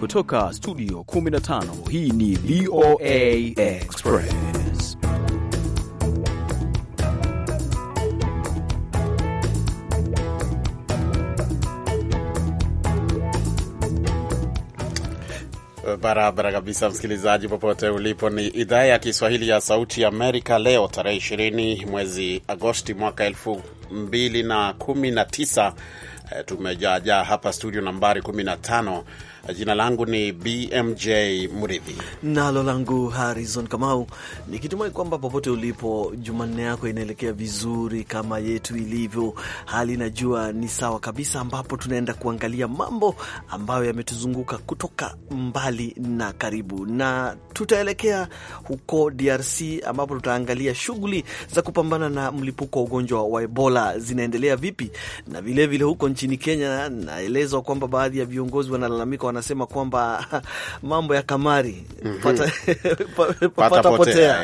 Kutoka studio 15 hii ni VOA Express. Uh, barabara kabisa, msikilizaji, popote ulipo. Ni idhaa ya Kiswahili ya Sauti Amerika. Leo tarehe 20 mwezi Agosti mwaka 2019, uh, tumejaajaa hapa studio nambari 15 Jina langu ni BMJ Mridhi nalo langu Harrison Kamau, nikitumai kwamba popote ulipo, Jumanne yako inaelekea vizuri kama yetu ilivyo. Hali najua ni sawa kabisa, ambapo tunaenda kuangalia mambo ambayo yametuzunguka kutoka mbali na karibu, na tutaelekea huko DRC ambapo tutaangalia shughuli za kupambana na mlipuko wa ugonjwa wa Ebola zinaendelea vipi, na vilevile vile huko nchini Kenya naelezwa kwamba baadhi ya viongozi wanalalamika wanasema kwamba mambo ya kamari mhm. eh, patapotea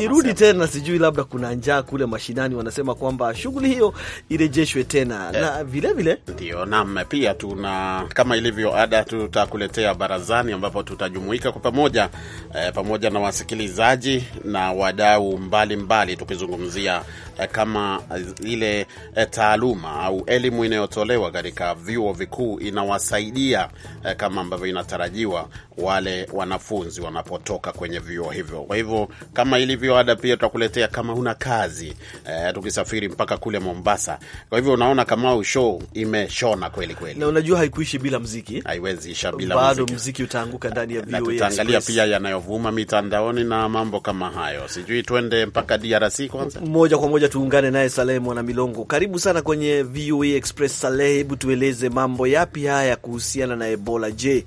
irudi tena, sijui labda kuna njaa kule mashinani. Wanasema kwamba shughuli hiyo irejeshwe tena eh, na vilevile ndio nam, pia tuna kama ilivyo ada, tutakuletea barazani ambapo tutajumuika kwa pamoja eh, pamoja na wasikilizaji na wadau mbalimbali tukizungumzia Eh, kama ile eh, taaluma au elimu inayotolewa katika vyuo vikuu inawasaidia eh, kama ambavyo inatarajiwa wale wanafunzi wanapotoka kwenye vyuo hivyo. Kwa hivyo kama ilivyo ada, pia tutakuletea kama una kazi eh, tukisafiri mpaka kule Mombasa. Kwa hivyo unaona kama show imeshona kweli kweli, na unajua haikuishi bila mziki, haiwezi isha bila bado mziki, utaanguka ndani ya VOA. Tutaangalia pia yanayovuma mitandaoni na mambo kama hayo. Sijui twende mpaka DRC kwanza, moja kwa moja tuungane naye Saleh Mwana Milongo. Karibu sana kwenye VOA Express. Saleh, hebu tueleze mambo yapi haya kuhusiana na Ebola? Je,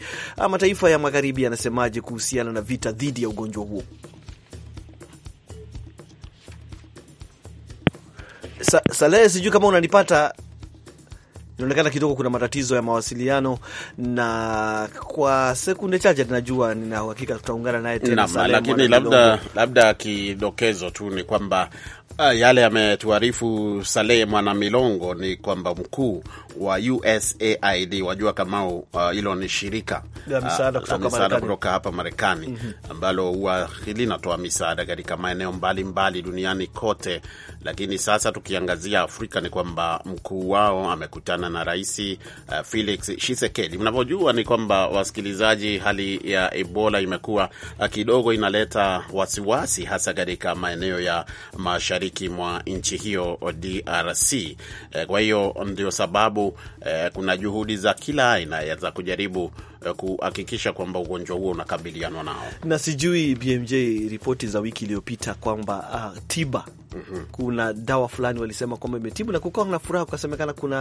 mataifa ya Magharibi anasemaje kuhusiana na vita dhidi ya ugonjwa huo? Sa, Salehe, sijui kama unanipata. Inaonekana kidogo kuna matatizo ya mawasiliano, na kwa sekunde chache ninajua, nina uhakika tutaungana naye tena, lakini labda labda kidokezo tu ni kwamba Ah, yale yametuarifu Salehe Mwanamilongo ni kwamba mkuu wa USAID wajua kama ah, hilo uh, ni shirika la ah, misaada uh, kutoka, kutoka hapa Marekani mm -hmm. ambalo huwa linatoa misaada katika maeneo mbalimbali duniani kote, lakini sasa tukiangazia Afrika ni kwamba mkuu wao amekutana na Rais uh, Felix Tshisekedi. Mnavyojua ni kwamba wasikilizaji, hali ya Ebola imekuwa kidogo inaleta wasiwasi hasa katika maeneo ya mashariki mashariki mwa nchi hiyo DRC. Eh, kwa hiyo ndio sababu eh, kuna juhudi za kila aina za kujaribu Eh, kuhakikisha kwamba ugonjwa huo unakabilianwa nao. Na sijui BMJ, ripoti za wiki iliyopita kwamba uh, tiba mm -hmm. kuna dawa fulani walisema kwamba imetibu na kukawa na furaha, kukasemekana kuna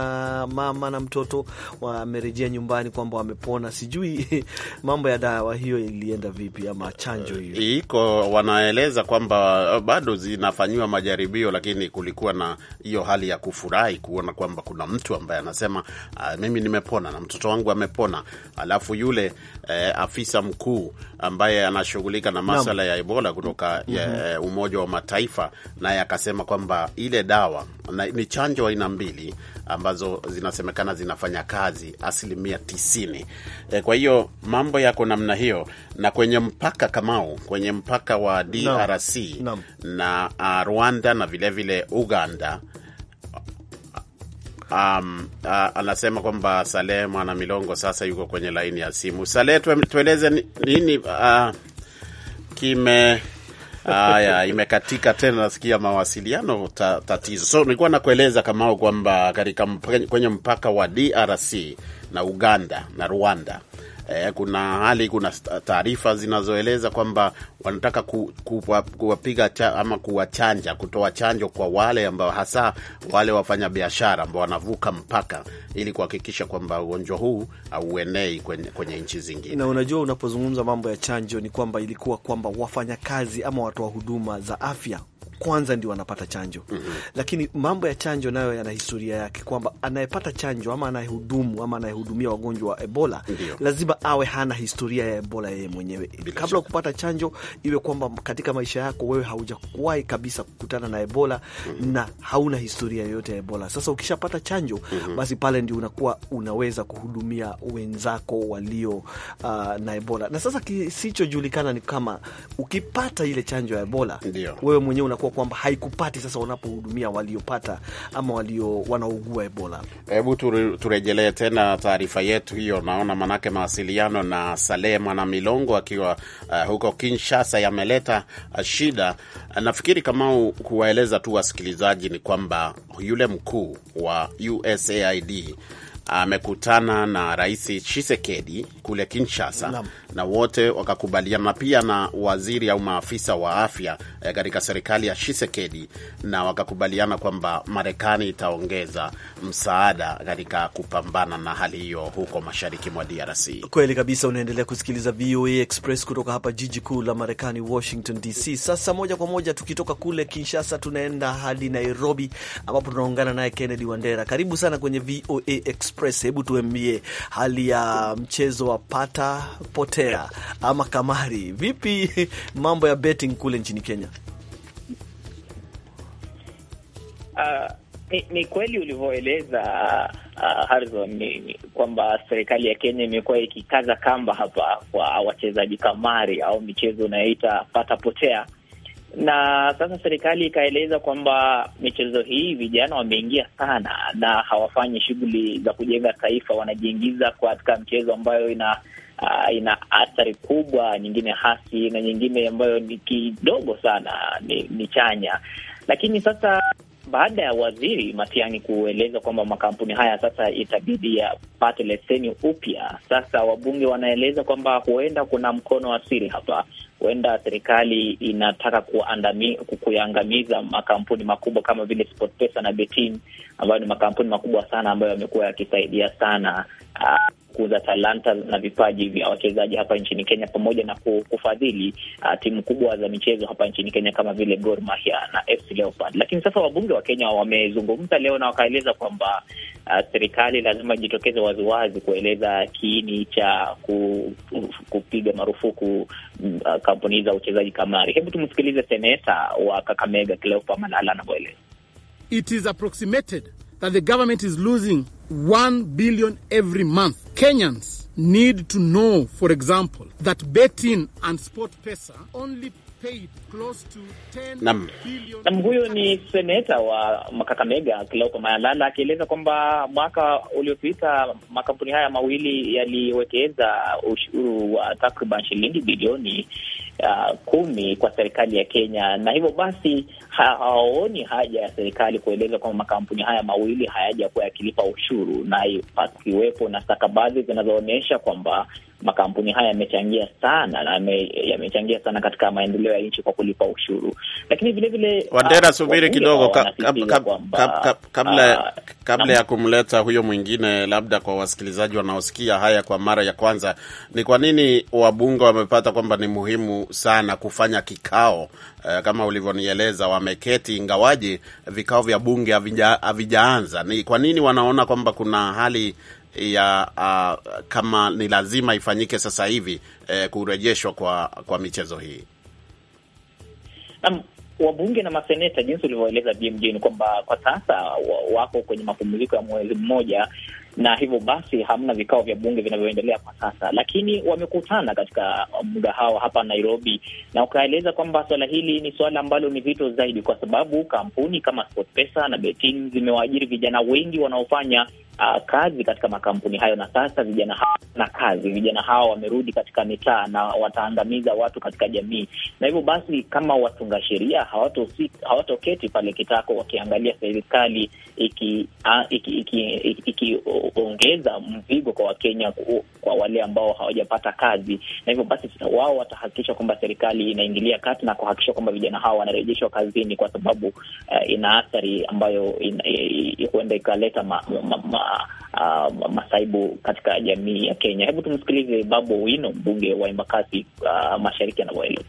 mama na mtoto wamerejea nyumbani kwamba wamepona. Sijui mambo ya dawa hiyo ilienda vipi, ama chanjo hiyo eh, iko, wanaeleza kwamba eh, bado zinafanyiwa majaribio, lakini kulikuwa na hiyo hali ya kufurahi kuona kwamba kuna mtu ambaye anasema uh, mimi nimepona na mtoto wangu amepona alafu alafu yule eh, afisa mkuu ambaye anashughulika na masala ya Ebola kutoka mm -hmm. ya, eh, Umoja wa Mataifa naye akasema kwamba ile dawa na, ni chanjo aina mbili ambazo zinasemekana zinafanya kazi asilimia tisini. E, kwa hiyo mambo yako namna hiyo, na kwenye mpaka Kamau, kwenye mpaka wa DRC no. No. na uh, Rwanda na vilevile vile Uganda Um, uh, anasema kwamba Saleh Mwana Milongo sasa yuko kwenye laini ya simu. Saleh, tueleze nini uh, kime Haya, uh, imekatika tena, nasikia mawasiliano ta, tatizo. So nilikuwa nakueleza Kamao kwamba katika kwenye mpaka wa DRC na Uganda na Rwanda eh, kuna hali, kuna taarifa zinazoeleza kwamba wanataka ku, ku, ku, kuwapiga cha, ama kuwachanja, kutoa chanjo kwa wale ambao, hasa wale wafanya biashara ambao wanavuka mpaka, ili kuhakikisha kwamba ugonjwa huu hauenei kwenye, kwenye nchi zingine. Na unajua unapozungumza mambo ya chanjo ni kwamba ilikuwa kwamba wafanyakazi ama watoa huduma za afya kwanza ndio wanapata chanjo mm -hmm. Lakini mambo ya chanjo nayo yana historia yake kwamba anayepata chanjo ama anayehudumu ama anayehudumia wagonjwa wa Ebola -hmm. lazima awe hana historia ya Ebola yeye mwenyewe Bila kabla ya kupata chanjo, iwe kwamba katika maisha yako wewe haujawahi kabisa kukutana na Ebola mm -hmm. na hauna historia yoyote ya Ebola. Sasa ukishapata chanjo mm -hmm. basi pale ndio unakuwa unaweza kuhudumia wenzako walio uh, na Ebola. Na sasa kisichojulikana ni kama ukipata ile chanjo ya Ebola Ndiyo. wewe mwenyewe unakuwa kwamba haikupati sasa wanapohudumia waliopata ama walio wanaougua Ebola. Hebu turejelee tena taarifa yetu hiyo, naona manake mawasiliano na salehe Mwana Milongo akiwa uh, huko Kinshasa yameleta uh, shida. Nafikiri kama kuwaeleza tu wasikilizaji ni kwamba yule mkuu wa USAID amekutana uh, na Rais Tshisekedi kule Kinshasa Lam. na wote wakakubaliana pia na waziri au maafisa wa afya eh, katika serikali ya Shisekedi na wakakubaliana kwamba Marekani itaongeza msaada katika kupambana na hali hiyo huko mashariki mwa DRC. Kweli kabisa, unaendelea kusikiliza VOA Express kutoka hapa jiji kuu la Marekani, Washington DC. Sasa moja kwa moja tukitoka kule Kinshasa tunaenda hadi Nairobi ambapo tunaungana naye Kennedy Wandera. Karibu sana kwenye VOA Express. Hebu tuambie hali ya mchezo wa pata potea ama kamari. Vipi mambo ya betting kule nchini Kenya? Uh, ni, ni kweli ulivyoeleza uh, Harrison ni, ni kwamba serikali ya Kenya imekuwa ikikaza kamba hapa kwa wachezaji kamari au michezo unayoita pata potea na sasa serikali ikaeleza kwamba michezo hii vijana wameingia sana na hawafanyi shughuli za kujenga taifa, wanajiingiza katika mchezo ambayo ina uh, ina athari kubwa, nyingine hasi na nyingine ambayo ni kidogo sana, ni, ni chanya. Lakini sasa baada ya waziri Matiang'i kueleza kwamba makampuni haya sasa itabidi yapate leseni upya. Sasa wabunge wanaeleza kwamba huenda kuna mkono wa siri hapa, huenda serikali inataka kuyangamiza makampuni makubwa kama vile SportPesa na ambayo ni makampuni makubwa sana ambayo yamekuwa yakisaidia sana uh, kukuza talanta na vipaji vya wachezaji hapa nchini Kenya, pamoja na kufadhili uh, timu kubwa za michezo hapa nchini Kenya kama vile Gor Mahia na FC Leopard. Lakini sasa wabunge wa Kenya wamezungumza leo na wakaeleza kwamba uh, serikali lazima ijitokeze waziwazi kueleza kiini cha ku, kupiga marufuku uh, kampuni za uchezaji kamari. Hebu tumsikilize seneta wa Kakamega Cleopa Malala anavyoeleza. It is approximated that the government is losing 1 billion every month. Kenyans need to know, for example, that betting and sport pesa only paid close to 10 Nam billion. nam huyo ni seneta wa Kakamega Kilauko Mayalala akieleza kwamba mwaka uliopita makampuni haya mawili yaliwekeza ushuru wa takriban shilingi bilioni uh, kumi kwa serikali ya Kenya, na hivyo basi hawaoni haja ya serikali kueleza kwamba makampuni haya mawili hayajakuwa yakilipa ushuru, na pakiwepo na stakabadhi zinazoonyesha kwamba makampuni haya yamechangia sana na yamechangia sana katika maendeleo ya nchi kwa kulipa ushuru, lakini vile vile Wandera, ah, subiri kidogo ka, ka, ka, ka, ka, kabla, ah, kabla ya kumleta huyo mwingine, labda kwa wasikilizaji wanaosikia haya kwa mara ya kwanza, ni kwa nini wabunge wamepata kwamba ni muhimu sana kufanya kikao eh, kama ulivyonieleza wameketi, ingawaje vikao vya bunge havijaanza, ni kwa nini wanaona kwamba kuna hali ya uh, kama ni lazima ifanyike sasa hivi eh, kurejeshwa kwa kwa michezo hii um. Wabunge na maseneta jinsi ulivyoeleza BMJ ni kwamba kwa sasa wako kwenye mapumziko ya mwezi mmoja, na hivyo basi hamna vikao vya bunge vinavyoendelea kwa sasa, lakini wamekutana katika mgahawa hapa Nairobi na ukaeleza kwamba swala hili ni swala ambalo ni vito zaidi, kwa sababu kampuni kama SportPesa na Betin zimewaajiri vijana wengi wanaofanya uh, kazi katika makampuni hayo, na sasa vijana hawa na kazi, vijana hawa wamerudi katika mitaa na wataangamiza watu katika jamii, na hivyo basi, kama watunga sheria hawatoketi hawato pale kitako wakiangalia serikali ikiongeza iki, iki, iki, iki, mzigo kwa Wakenya, kwa wale ambao hawajapata kazi, na hivyo basi wao watahakikisha kwamba serikali inaingilia kati na kuhakikisha kwamba vijana hawa wanarejeshwa kazini, kwa sababu uh, ina athari ambayo huenda ikaleta ma, ma, ma, uh, masaibu katika jamii ya Kenya. Hebu tumsikilize Babu Owino, mbunge wa Embakasi uh, Mashariki, anavyoeleza.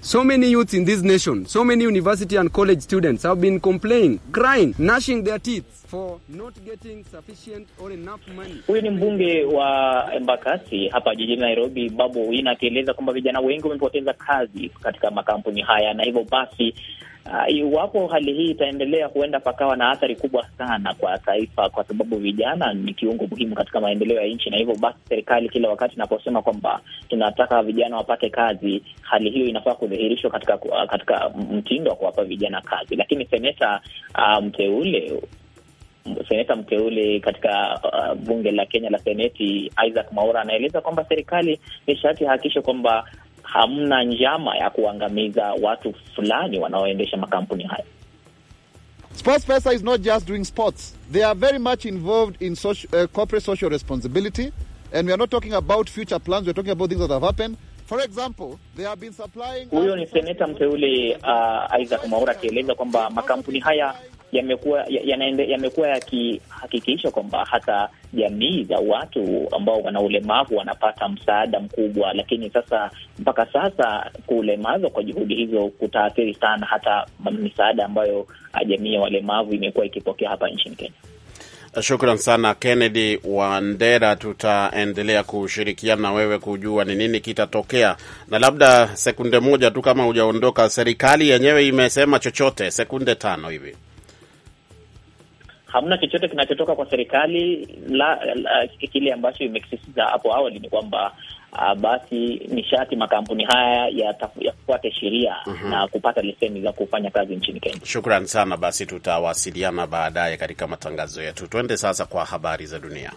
So many youths in this nation, so many university and college students have been complaining, crying, gnashing their teeth for not getting sufficient or enough money. Huyu ni mbunge wa Embakasi hapa jijini Nairobi, Babu Owino, akieleza kwamba vijana wengi wamepoteza kazi katika makampuni haya na hivyo basi Ah, iwapo uh, hali hii itaendelea, huenda pakawa na athari kubwa sana kwa taifa, kwa sababu vijana ni kiungo muhimu katika maendeleo ya nchi, na hivyo basi serikali kila wakati inaposema kwamba tunataka vijana wapate kazi, hali hiyo inafaa kudhihirishwa katika ah, katika mtindo wa kuwapa vijana kazi. Lakini seneta uh, mteule seneta mteule katika uh, bunge la Kenya la Seneti Isaac Mwaura anaeleza kwamba serikali ni sharti hakikishe kwamba hamna njama ya kuangamiza watu fulani wanaoendesha makampuni hayo. SportsPesa is not just doing sports. They are very much involved in social, uh, corporate social responsibility and we are not talking about future plans, we are talking about things that have happened. For example, they have been supplying... Huyo ni seneta mteule uh, Isaac Mwaura akieleza kwamba makampuni haya yamekuwa yamekuwa yakihakikisha kwamba hata jamii za watu ambao wana ulemavu wanapata msaada mkubwa, lakini sasa mpaka sasa kulemazwa kwa juhudi hizo kutaathiri sana hata misaada ambayo ah, jamii ya walemavu imekuwa ikipokea hapa nchini Kenya. Ah, shukran sana Kennedy Wandera, tutaendelea kushirikiana na wewe kujua ni nini kitatokea. Na labda sekunde moja tu, kama hujaondoka, serikali yenyewe imesema chochote? Sekunde tano hivi hamna chochote kinachotoka kwa serikali la, la, kile ambacho imekisisitiza hapo awali ni kwamba Uh, basi nishati makampuni haya yafuate ya sheria mm -hmm. na kupata leseni za kufanya kazi nchini Kenya. Shukran sana basi, tutawasiliana baadaye katika matangazo yetu. Tuende sasa kwa habari za dunia.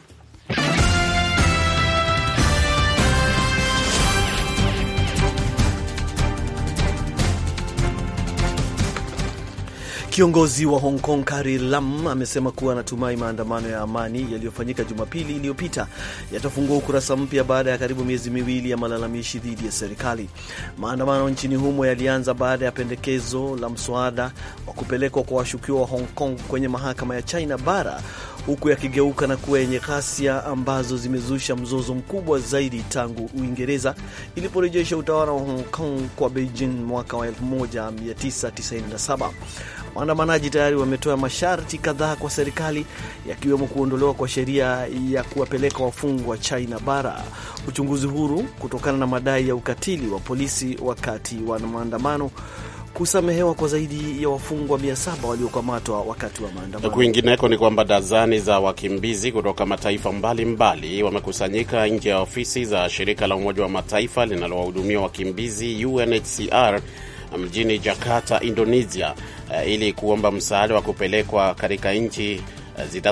Kiongozi wa Hong Kong Carrie Lam amesema kuwa anatumai maandamano ya amani yaliyofanyika Jumapili iliyopita yatafungua ukurasa mpya baada ya karibu miezi miwili ya malalamishi dhidi ya serikali. Maandamano nchini humo yalianza baada ya pendekezo la mswada wa kupelekwa kwa washukiwa wa Hong Kong kwenye mahakama ya China bara huku yakigeuka na kuwa yenye ghasia ambazo zimezusha mzozo mkubwa zaidi tangu Uingereza iliporejesha utawala wa Hong Kong kwa Beijing mwaka wa 1997. Waandamanaji tayari wametoa masharti kadhaa kwa serikali yakiwemo kuondolewa kwa sheria ya kuwapeleka wafungwa China bara, uchunguzi huru kutokana na madai ya ukatili wa polisi wakati wa maandamano kusamehewa kwa zaidi ya wafungwa saba waliokamatwa wakati wa maandamano. Kwingineko ni kwamba dazani za wakimbizi kutoka mataifa mbalimbali wamekusanyika nje ya ofisi za shirika la Umoja wa Mataifa linalowahudumia wakimbizi UNHCR mjini Jakarta, Indonesia, eh, ili kuomba msaada wa kupelekwa katika nchi eh,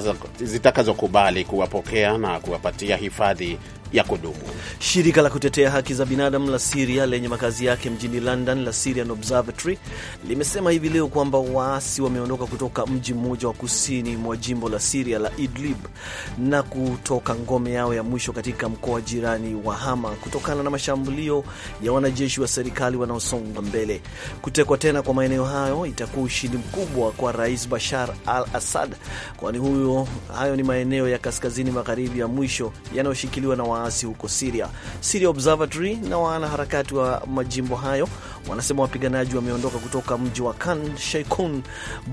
zitakazokubali kuwapokea na kuwapatia hifadhi ya kudumu. Shirika la kutetea haki za binadamu la Siria lenye makazi yake mjini London la Syrian Observatory limesema hivi leo kwamba waasi wameondoka kutoka mji mmoja wa kusini mwa jimbo la Siria la Idlib na kutoka ngome yao ya mwisho katika mkoa jirani wa Hama kutokana na mashambulio ya wanajeshi wa serikali wanaosonga mbele. Kutekwa tena kwa maeneo hayo itakuwa ushindi mkubwa kwa Rais Bashar al Assad, kwani huyo hayo ni maeneo ya kaskazini magharibi ya mwisho yanayoshikiliwa na waasi huko Siria. Syria Observatory na wanaharakati wa majimbo hayo wanasema wapiganaji wameondoka kutoka mji wa Khan Sheikhoun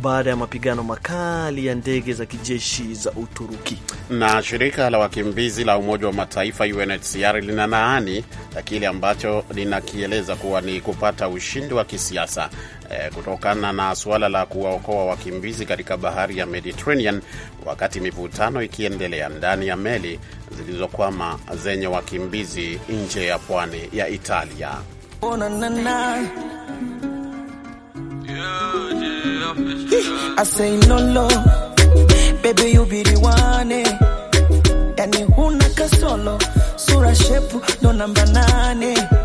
baada ya mapigano makali ya ndege za kijeshi za Uturuki. Na shirika la wakimbizi la Umoja wa Mataifa UNHCR lina laani kile ambacho linakieleza kuwa ni kupata ushindi wa kisiasa eh, kutokana na suala la kuwaokoa wakimbizi katika bahari ya Mediterranean wakati mivutano ikiendelea ndani ya meli zilizokwama zenye wakimbizi nje ya pwani ya Italia. Oh, na, na, na. I say no, no. Baby you be the one. Eh. Yani huna kasolo, sura shepu namba nane eh.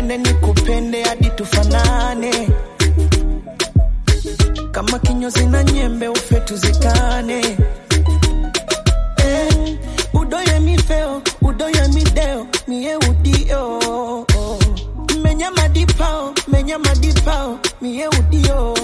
Nipende nikupende hadi tufanane, kama kinyozi na nyembe ufe tuzikane, eh, udoye mifeo udoye mideo mie udio menya madipao menya madipao mie udio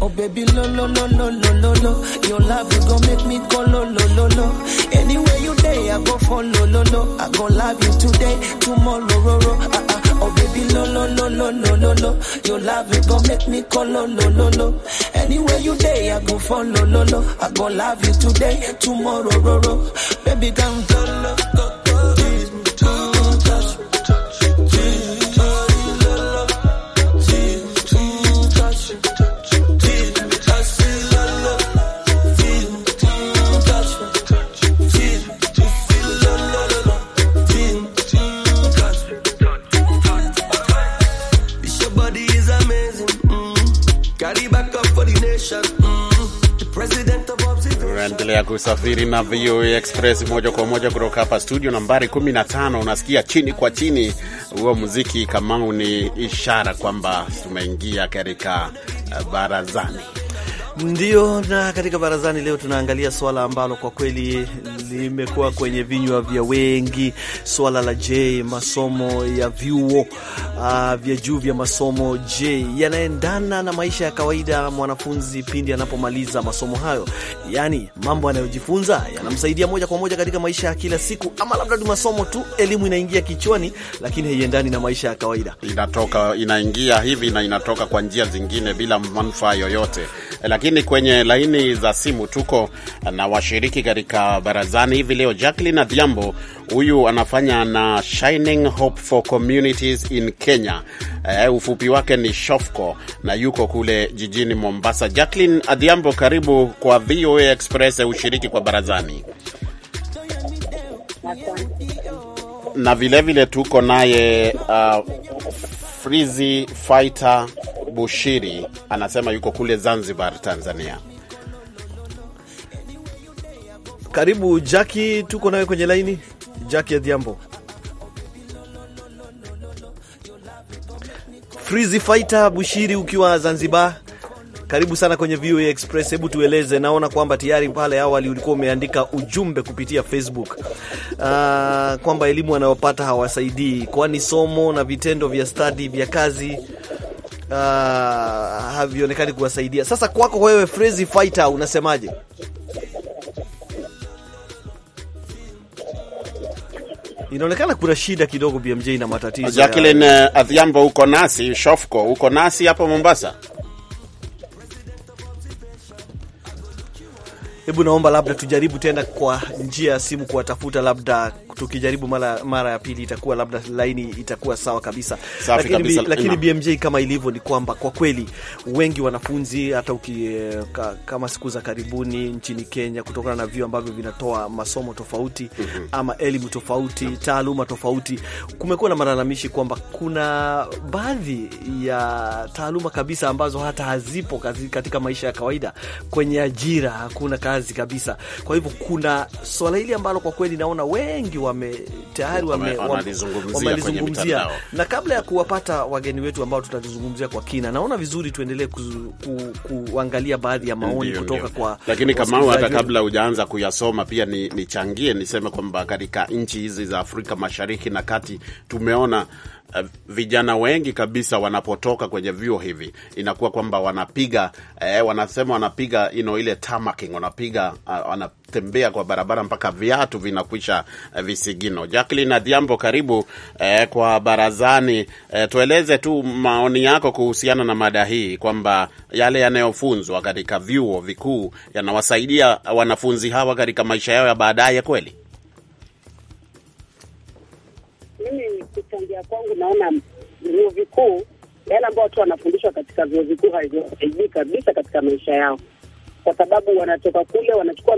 Oh baby lo lo lo lo lo lo lo Your love you gon' make me go lo lo lo lo Anywhere you day I go for lo lo lo I gon' love you today tomorrow ro ro I Oh baby, lo lo lo lo lo lo lo. Your love it gon' make me call lo lo lo lo. Anywhere you day, I go follow lo lo. I gon' love you today, tomorrow ro ro. Baby, come go go. Unaendelea kusafiri na VOA Express moja kwa moja kutoka hapa studio nambari 15. Unasikia chini kwa chini huo muziki, Kamau, ni ishara kwamba tumeingia katika eh, barazani ndio na katika barazani leo tunaangalia swala ambalo kwa kweli limekuwa kwenye vinywa vya wengi, swala la je, masomo ya vyuo uh, vya juu vya masomo, je, yanaendana na maisha ya kawaida mwanafunzi pindi anapomaliza masomo hayo? Yaani, mambo anayojifunza yanamsaidia moja kwa moja katika maisha ya kila siku, ama labda ni masomo tu, elimu inaingia kichwani, lakini haiendani na maisha ya kawaida, inatoka inaingia hivi na inatoka kwa njia zingine bila manufaa yoyote, eh, lakini lakini kwenye laini za simu tuko na washiriki katika barazani hivi leo. Jacqueline Adhiambo huyu anafanya na Shining Hope for Communities in Kenya, e, ufupi wake ni SHOFCO na yuko kule jijini Mombasa. Jacqueline Adhiambo, karibu kwa VOA Express, eh, ushiriki kwa barazani na vilevile vile tuko naye uh, Frizi Fighter Bushiri anasema yuko kule Zanzibar, Tanzania. Karibu Jaki, tuko nawe kwenye laini. Jaki Adhiambo, Frizi Fighter Bushiri, ukiwa Zanzibar, karibu sana kwenye VOA Express. Hebu tueleze, naona kwamba tayari pale awali ulikuwa umeandika ujumbe kupitia Facebook uh, kwamba elimu wanayopata hawasaidii, kwani somo na vitendo vya stadi vya kazi uh, havionekani kuwasaidia. Sasa kwako wewe Frezi Fighter, unasemaje? Inaonekana kuna shida kidogo BMJ na matatizo. Jacqueline eh, Adhiambo, uko nasi? Shofko, uko nasi hapo Mombasa? Hebu naomba labda tujaribu tena kwa njia ya simu kuwatafuta, labda tukijaribu mara, mara ya pili itakuwa labda laini itakuwa sawa kabisa. Safi lakini, kabisa. Lakini BMJ kama ilivyo ni kwamba kwa kweli wengi wanafunzi hata uki, eh, ka, kama siku za karibuni nchini Kenya kutokana na vyuo ambavyo vinatoa masomo tofauti mm -hmm. ama elimu tofauti taaluma tofauti, kumekuwa na malalamishi kwamba kuna baadhi ya taaluma kabisa ambazo hata hazipo katika maisha ya kawaida, kwenye ajira hakuna kazi wazi kabisa. Kwa hivyo kuna swala hili ambalo kwa kweli naona wengi wame tayari wamelizungumzia wame, na kabla ya kuwapata wageni wetu ambao tutalizungumzia kwa kina, naona vizuri tuendelee ku, ku, kuangalia baadhi ya maoni ndiyo, kutoka ndiyo. Kwa lakini kama hata kabla hujaanza kuyasoma pia nichangie ni niseme kwamba katika nchi hizi za Afrika Mashariki na Kati tumeona Eh, vijana wengi kabisa wanapotoka kwenye vyuo hivi inakuwa kwamba wanapiga eh, wanasema wanapiga you know, ile tamaking, wanapiga uh, wanatembea kwa barabara mpaka viatu vinakwisha uh, visigino. Jacqueline Adhiambo, karibu eh, kwa barazani eh, tueleze tu maoni yako kuhusiana na mada hii kwamba yale yanayofunzwa katika vyuo vikuu yanawasaidia wanafunzi hawa katika maisha yao ya baadaye kweli? kuingia kwangu, naona vyuo vikuu, yale ambao watu wanafundishwa katika vyuo vikuu haisaidii kabisa katika maisha yao, kwa sababu wanatoka kule wanachukua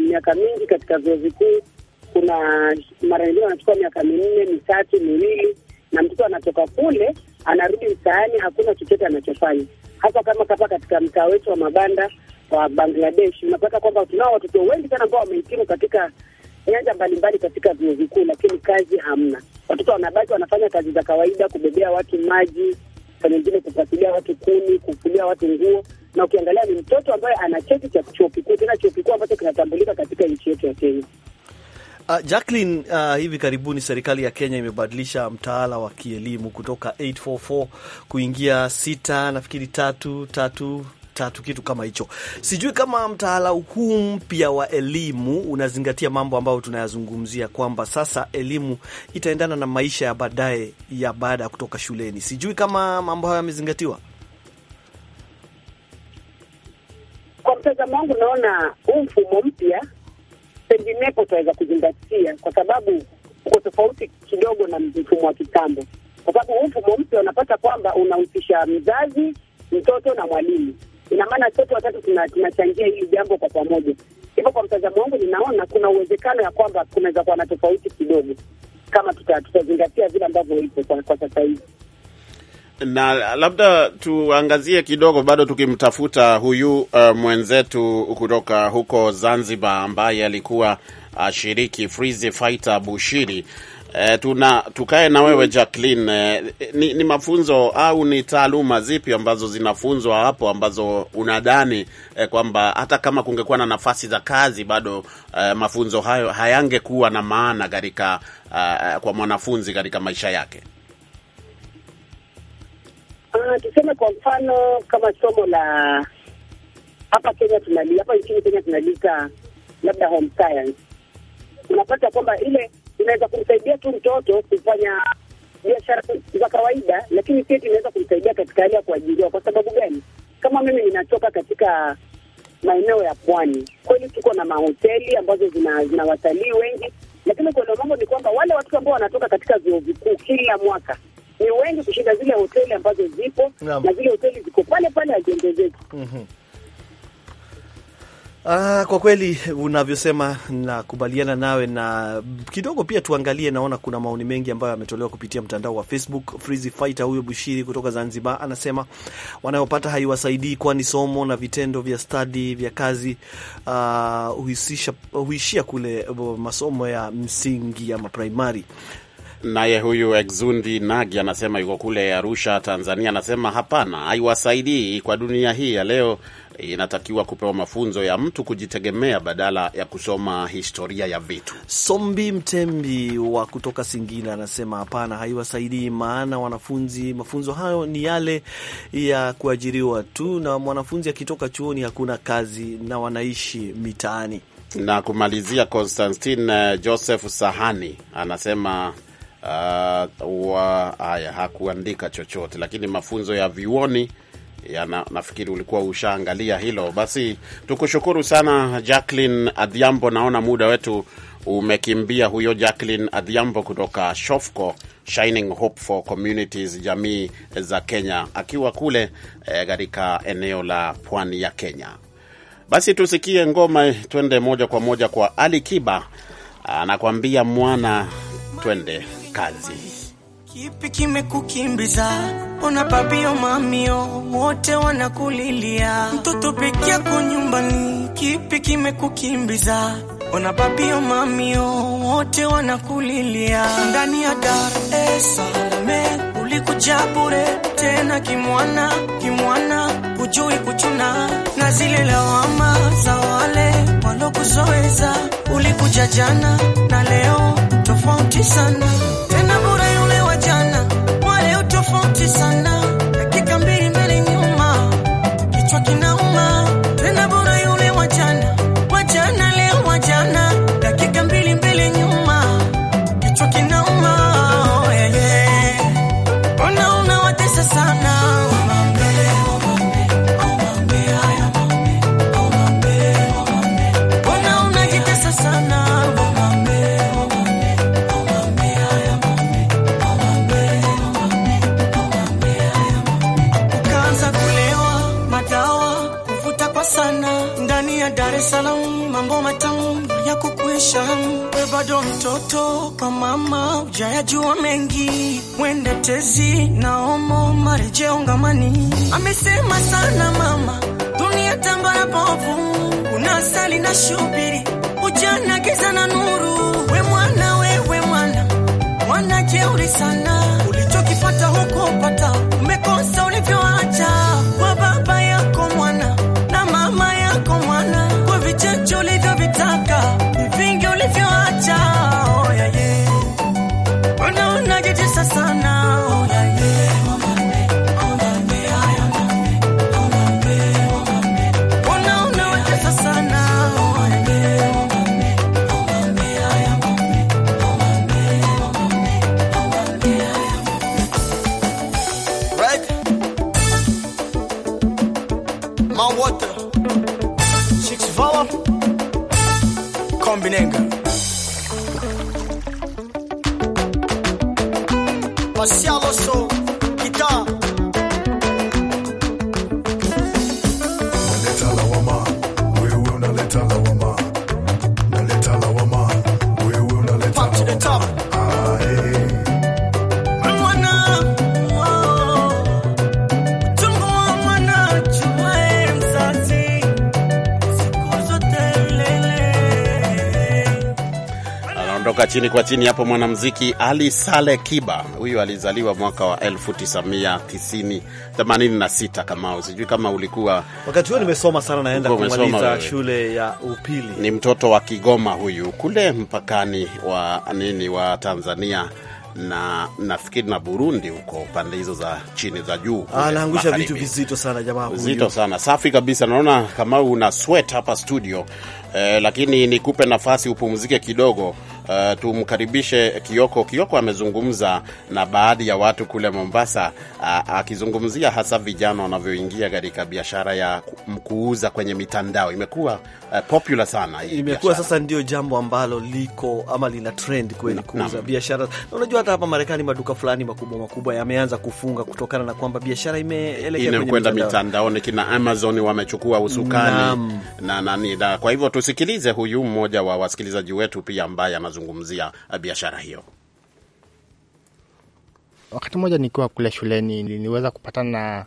miaka mingi katika vyuo vikuu. Kuna mara nyingine wanachukua miaka minne, mitatu, miwili, na mtoto anatoka kule anarudi mtaani, hakuna chochote anachofanya, hasa kama kapa katika mtaa wetu wa mabanda wa Bangladesh, unapata kwamba tunao watoto wengi sana ambao wamehitimu katika nyanja mbalimbali katika vyuo vikuu, lakini kazi hamna watoto wanabaki wanafanya kazi za kawaida, kubebea watu maji, saa nyingine kufuatilia watu kumi kufulia watu nguo. Na ukiangalia ni mtoto ambaye ana cheti cha chuo kikuu, tena chuo kikuu ambacho kinatambulika katika nchi yetu ya Kenya. Uh, Jacqueline, uh, hivi karibuni serikali ya Kenya imebadilisha mtaala wa kielimu kutoka 844 kuingia 6 nafikiri tatu tatu tatu, kitu kama hicho. Sijui kama mtaala huu mpya wa elimu unazingatia mambo ambayo tunayazungumzia kwamba sasa elimu itaendana na maisha ya baadaye ya baada ya kutoka shuleni. Sijui kama mambo hayo yamezingatiwa. Kwa mtazamo wangu, naona huu mfumo mpya penginepo utaweza kuzingatia, kwa sababu uko tofauti kidogo na mfumo wa kitambo, kwa sababu huu mfumo mpya unapata kwamba unahusisha mzazi, mtoto na mwalimu Ina maana sote watatu tunachangia hili jambo kwa pamoja. Hivyo kwa mtazamo wangu, ninaona kuna uwezekano ya kwamba kunaweza kuwa na tofauti kidogo, kama tutazingatia tuta vile ambavyo ipo kwa, kwa sasa hivi na labda tuangazie kidogo bado tukimtafuta huyu uh, mwenzetu kutoka huko Zanzibar ambaye alikuwa ashiriki shiriki Freeze Fighter Bushiri E, tuna tukae na wewe Jacqueline. E, ni, ni mafunzo au ni taaluma zipi ambazo zinafunzwa hapo ambazo unadhani e, kwamba hata kama kungekuwa na nafasi za kazi bado e, mafunzo hayo hayangekuwa na maana katika e, kwa mwanafunzi katika maisha yake? Uh, tuseme kwa mfano kama somo la hapa Kenya tunali hapa nchini Kenya tunalika labda home science, unapata kwamba ile inaweza kumsaidia tu mtoto kufanya biashara za kawaida, lakini pia inaweza kumsaidia katika hali ya kuajiriwa. Kwa sababu gani? Kama mimi ninatoka katika maeneo ya pwani, kweli tuko na mahoteli ambazo zina, zina watalii wengi, lakini kuelewa mambo ni kwamba wale watu ambao wanatoka katika vyuo vikuu kila mwaka ni wengi kushinda zile hoteli ambazo zipo na zile hoteli ziko pale pale haziongezeki. mm -hmm. Ah, kwa kweli unavyosema nakubaliana nawe, na kidogo pia tuangalie. Naona kuna maoni mengi ambayo yametolewa kupitia mtandao wa Facebook. Freezy Fighter huyo Bushiri kutoka Zanzibar anasema wanayopata haiwasaidii, kwani somo na vitendo vya stadi vya kazi uh, huishia kule masomo ya msingi ama primary. Naye huyu Exundi Nagi anasema yuko kule Arusha, Tanzania, anasema hapana, haiwasaidii kwa dunia hii ya leo. Inatakiwa kupewa mafunzo ya mtu kujitegemea badala ya kusoma historia ya vitu. Sombi Mtembi wa kutoka Singida anasema hapana, haiwasaidii, maana wanafunzi, mafunzo hayo ni yale ya kuajiriwa tu, na mwanafunzi akitoka chuoni hakuna kazi na wanaishi mitaani. Na kumalizia, Konstantin eh, Joseph Sahani anasema uh, haya hakuandika chochote, lakini mafunzo ya vyuoni ya na, nafikiri ulikuwa ushaangalia hilo. Basi tukushukuru sana Jacqueline Adhiambo, naona muda wetu umekimbia. Huyo Jacqueline Adhiambo kutoka Shofco Shining Hope for Communities, jamii za Kenya, akiwa kule eh, katika eh, eneo la pwani ya Kenya. Basi tusikie ngoma, twende moja kwa moja kwa Ali Kiba anakuambia mwana, twende kazi. Kipi kimekukimbiza? Ona babio mamio wote wanakulilia, mtoto peke yako nyumbani. Kipi kimekukimbiza? Ona babio mamio wote wanakulilia, ndani ya Dar es Salaam ulikuja bure, tena kimwana kimwana, hujui kuchuna na zile lawama za wale walokuzoeza. Ulikuja jana na leo tofauti sana sana dakika mbili mbele nyuma kichwa kina na omo marejeo ngamani amesema sana mama dunia tambara povu kuna sali na shubiri ujana giza na nuru we mwana wewe mwana mwana jeuri sana ulichokipata huko upata umekosa ulivyo chini kwa chini hapo, mwanamuziki Ali Sale Kiba huyu alizaliwa mwaka wa 1986 kama sijui kama ulikuwa wakati huo. Nimesoma sana, naenda kumaliza shule ya upili. Ni mtoto wa Kigoma huyu, kule mpakani wa nini wa Tanzania na nafikiri na Burundi huko pande hizo za chini za juu. Anaangusha vitu vizito sana jamaa huyu. Vizito sana. Safi kabisa. Naona kama una sweat hapa studio. Eh, lakini nikupe nafasi upumzike kidogo uh, tumkaribishe Kioko. Kioko amezungumza na baadhi ya watu kule Mombasa, uh, akizungumzia hasa vijana wanavyoingia katika biashara ya kuuza kwenye mitandao. Imekuwa uh, popular sana, imekuwa sasa ndio jambo ambalo liko ama lina trend kweli, kuuza biashara. Na unajua hata hapa Marekani maduka fulani makubwa makubwa yameanza kufunga kutokana na kwamba biashara imeelekea kwenda mitandaoni. Kina Amazon wamechukua usukani na, na, na, na, kwa hivyo tusikilize huyu mmoja wa wasikilizaji wetu pia ambaye anazungumza kuzungumzia eh, biashara hiyo. Wakati mmoja nikiwa kule shuleni niliweza kupatana na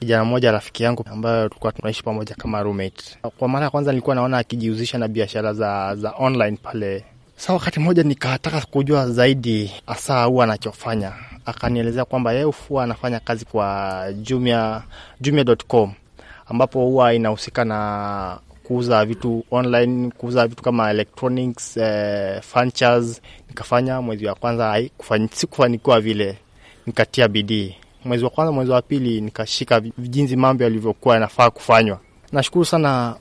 kijana mmoja rafiki yangu ambayo tulikuwa tunaishi pamoja kama roommate. Kwa mara ya kwanza nilikuwa naona akijihusisha na biashara za, za online pale. Sa wakati mmoja nikataka kujua zaidi hasa huwa anachofanya, akanielezea kwamba yeye huwa anafanya kazi kwa Jumia, Jumia.com ambapo huwa inahusika na kuuza vitu online, kuuza vitu kama electronics, eh, furnitures. Nikafanya mwezi wa kwanza sikufanikiwa vile, nikatia bidii mwezi wa kwanza, mwezi wa pili nikashika jinsi mambo yalivyokuwa yanafaa kufanywa. Nashukuru sana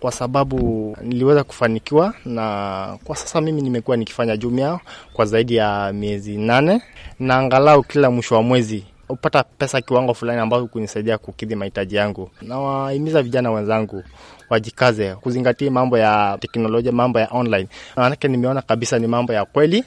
kwa sababu niliweza kufanikiwa, na kwa sasa mimi nimekuwa nikifanya Jumia kwa zaidi ya miezi nane, na angalau kila mwisho wa mwezi upata pesa kiwango fulani ambacho kunisaidia kukidhi mahitaji yangu. Nawahimiza vijana wenzangu wajikaze kuzingatia mambo ya teknolojia, mambo ya online. Maanake nimeona kabisa ni mambo ya kweli,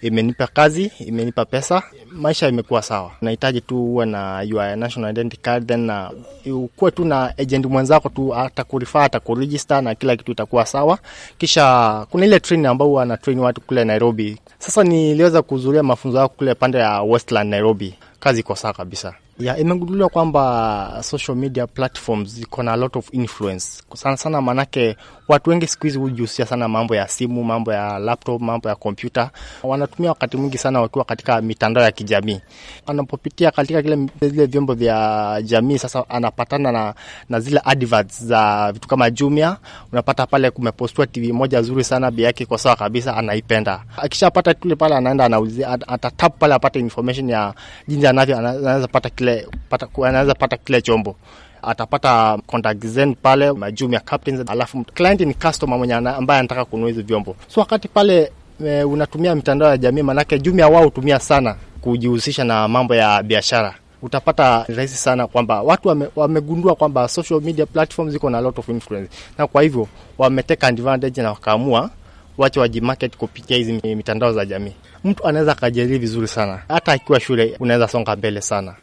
imenipa kazi, imenipa pesa, maisha imekuwa sawa. Nahitaji tu uwe na your national identity card, then na ukuwe tu na agent mwenzako tu, atakurifaa atakuregister na kila kitu itakuwa sawa. Kisha kuna ile train ambao huwa train watu kule Nairobi. Sasa niliweza kuhudhuria mafunzo yao kule pande ya Westland Nairobi, kazi iko sawa kabisa. Yeah, imegunduliwa kwamba social media platforms ziko na a lot of influence sana sana, maanake watu wengi siku hizi hujihusia sana mambo ya simu, mambo ya laptop, mambo ya kompyuta. Wanatumia wakati mwingi sana wakiwa katika mitandao ya kijamii, anapopitia katika kile zile vyombo vya jamii. Sasa anapatana na, na zile adverts za vitu kama Jumia. Unapata pale kumepostiwa TV moja nzuri sana, bei yake iko sawa kabisa, anaipenda. Akishapata kule pale, anaenda anauzia, atatap pale apate information ya jinsi anavyo anaweza pata kile kile pata, anaweza pata kile chombo atapata contact zen pale majumu ya captains, alafu client ni customer mwenye ambaye anataka kununua hizo vyombo. So wakati pale e, unatumia mitandao ya jamii, manake ya wao hutumia sana kujihusisha na mambo ya biashara utapata rahisi sana kwamba watu wame, wamegundua kwamba social media platforms ziko na lot of influence, na kwa hivyo wameteka advantage na wakaamua wache wajimarket kupitia hizi mitandao za jamii. Mtu anaweza akajiajiri vizuri sana, hata akiwa shule unaweza songa mbele sana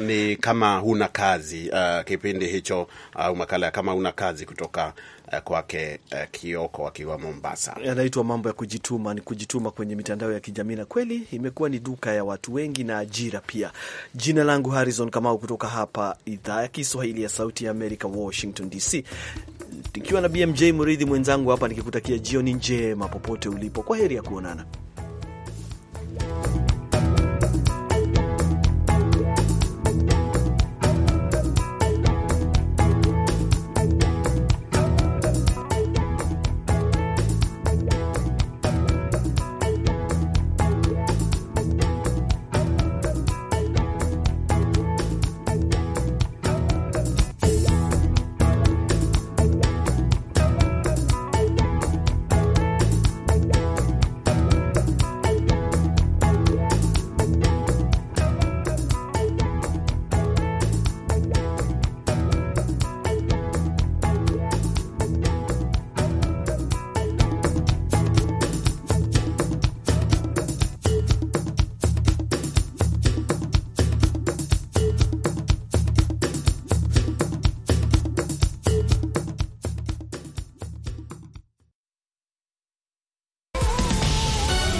ni kama huna kazi uh, kipindi hicho au uh, makala ya kama huna kazi kutoka uh, kwake uh, Kioko akiwa Mombasa, anaitwa mambo ya kujituma, ni kujituma kwenye mitandao ya kijamii, na kweli imekuwa ni duka ya watu wengi na ajira pia. Jina langu Harrison Kamau kutoka hapa idhaa ya Kiswahili ya Sauti ya Amerika, Washington DC, nikiwa na BMJ Muridhi mwenzangu hapa, nikikutakia jioni njema popote ulipo. Kwa heri ya kuonana.